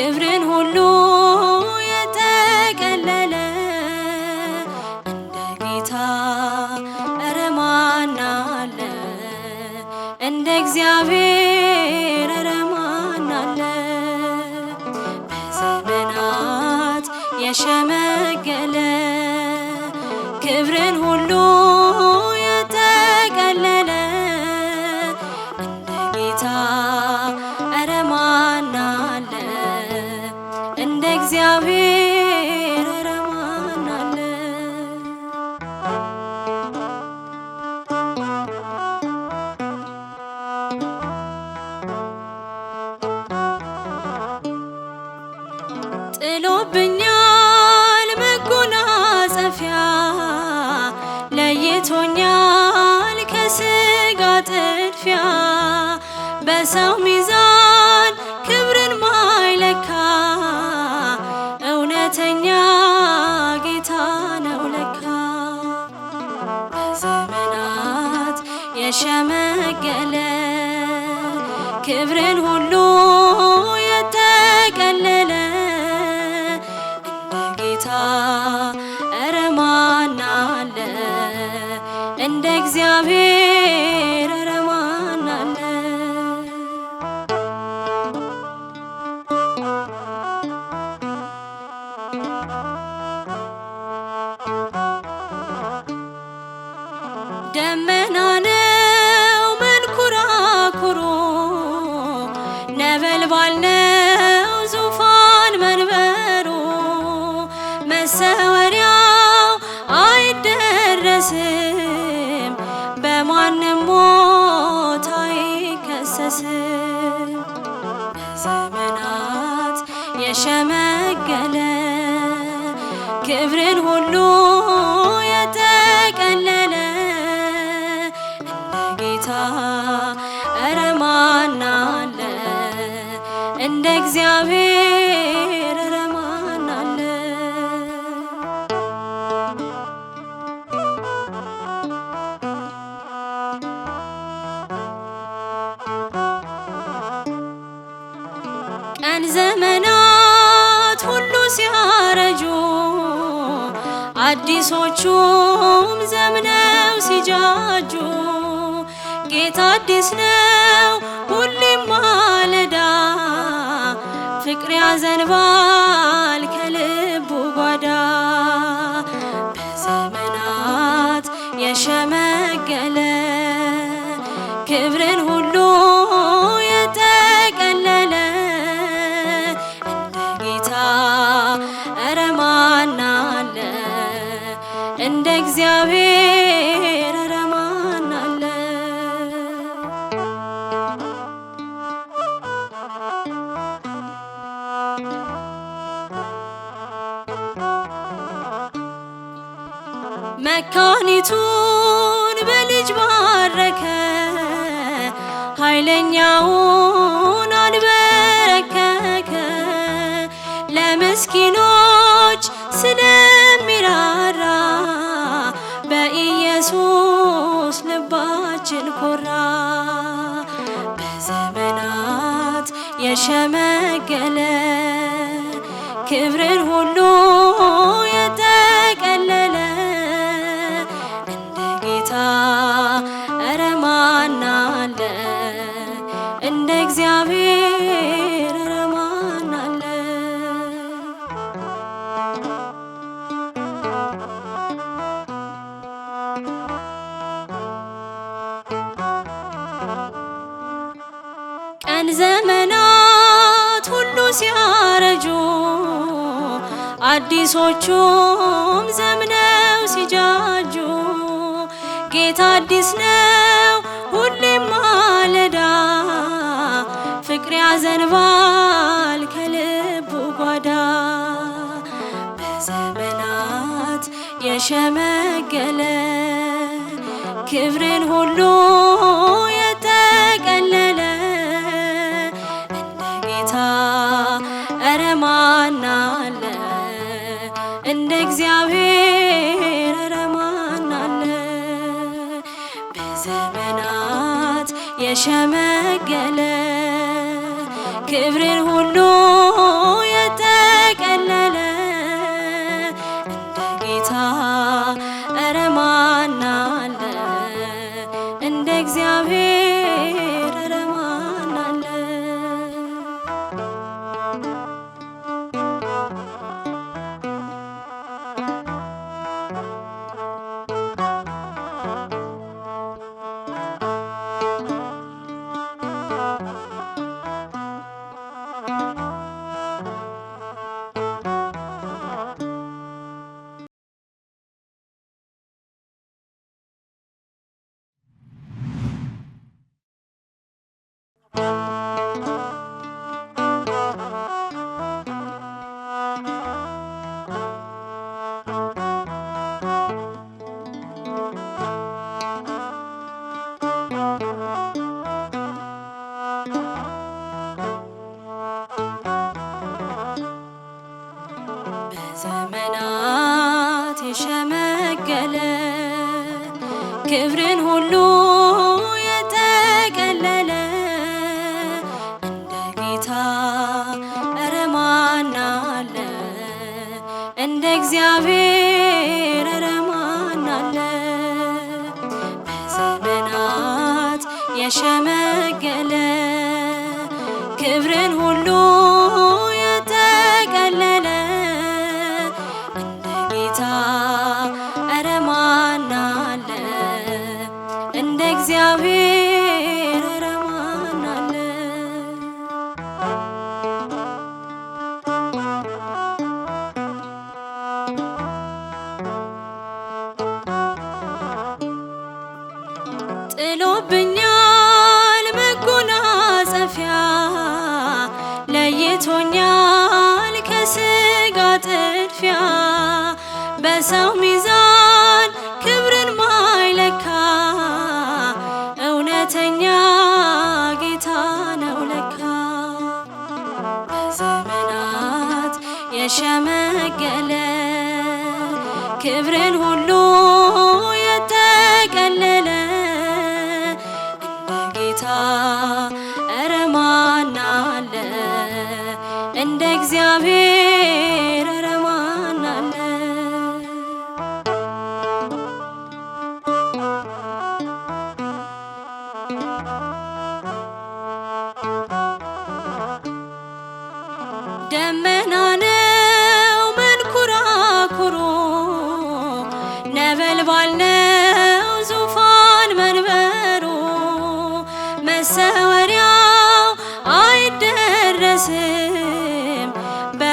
ክብርን ሁሉ የጠቀለለ እንደ ጌታ እረ ማን አለ? እንደ እግዚአብሔር እረ ማን አለ? በዘመናት የሸመገለ ክብርን ሁሉ ጥሎብኛል መጎናጸፊያ ለይቶኛል ከስጋ ጥድፊያ በሰው ሚዛን ክብርን ማይለካ እውነተኛ ጌታ ነው ለካ በዘመናት የሸመገለ ክብርን ሁሉ እግዚአብሔር ማንም ሞት አይከሰስም። በዘመናት የሸመገለ ክብርን ሁሉ የተቀለለ እንደ ጌታ እረ እንደ እግዚአብሔር ሲያረጁ አዲሶቹም ዘምነው ሲጃጁ ጌታ አዲስ ነው ሁሌም ማለዳ ፍቅር ያዘንባ እግዚአብሔር አረማን አለ መካኒቱን በልጅ ባረከ ኃይለኛውን አንበረከከ ለምስኪኖ ተሸመገለ ክብርን ሁሉ የጠቀለለ እንደ ጌታ እረ ማን አለ? እንደ እግዚአብሔር እረ ማን አለ? ቀን ዘመና ሲያረጁ አዲሶቹም ዘምነው ሲጃጁ ጌታ አዲስ ነው ሁሌም ማለዳ ፍቅር ያዘንባል ከልቡ ጓዳ በዘመናት የሸመገለ ክብርን ሁሉ ተገለ ክብሬን ሁሉ ክብርን ሁሉ የጠቀለለ እንደ ጌታ እረ ማን አለ? እንደ እግዚአብሔር እረ ማን አለ? በዘመናት የሸመገለ ክብርን ሁሉ ችሎብኛል መጎናጸፊያ ለይቶኛል ከስጋ ጥድፊያ በሰው ሚዛን ክብርን ማይለካ እውነተኛ ጌታ ነው ለካ ዘመናት የሸመገለ ክብርን ሁሉ love it.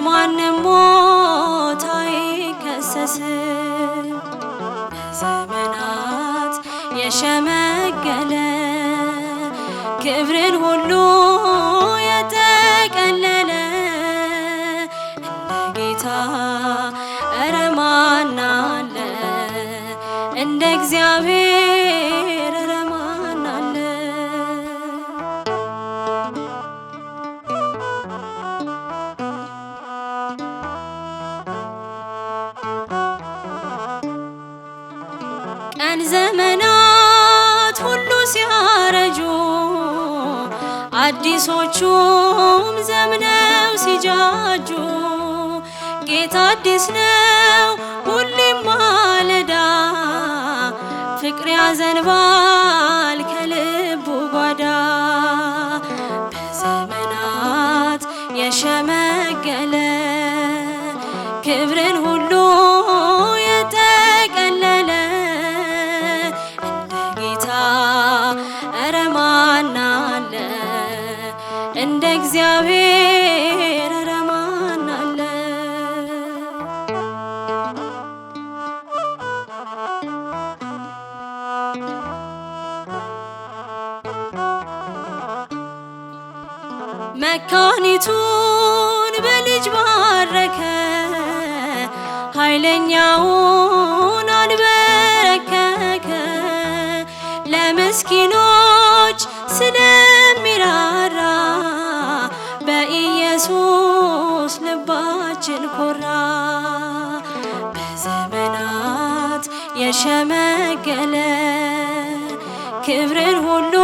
በማንም ሞት አይከሰስም። በዘመናት የሸመገለ ክብርን ሁሉ የጠቀለለ እንደ ጌታ እረ እንደ እግዚአብሔር አዲሶቹም ዘምነው ሲጃጁ ጌታ አዲስ ነው ሁሌም ማለዳ ፍቅር ያዘንባ እግዚአብሔር ረማን አለ መካኒቱን በልጅ ባረከ ኃይለኛውን አልበረከከ ለምስኪኖ በኢየሱስ ልባችን ኮራ። በዘመናት የሸመገለ ክብርን ሁሉ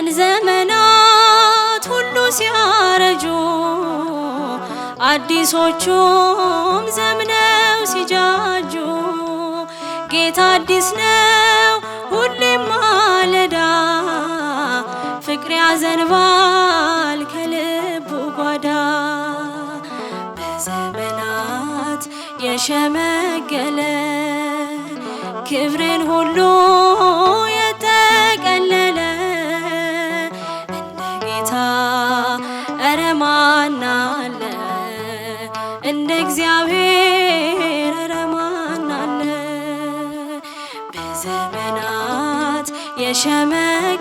ቀን ዘመናት ሁሉ ሲያረጁ አዲሶቹም ዘምነው ሲጃጁ ጌታ አዲስ ነው ሁሌም ማለዳ ፍቅር ያዘንባል ከልቡ ጓዳ በዘመናት የሸመገለ ክብርን ሁሉ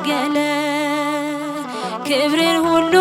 ተገለገለ ክብርን ሁሉ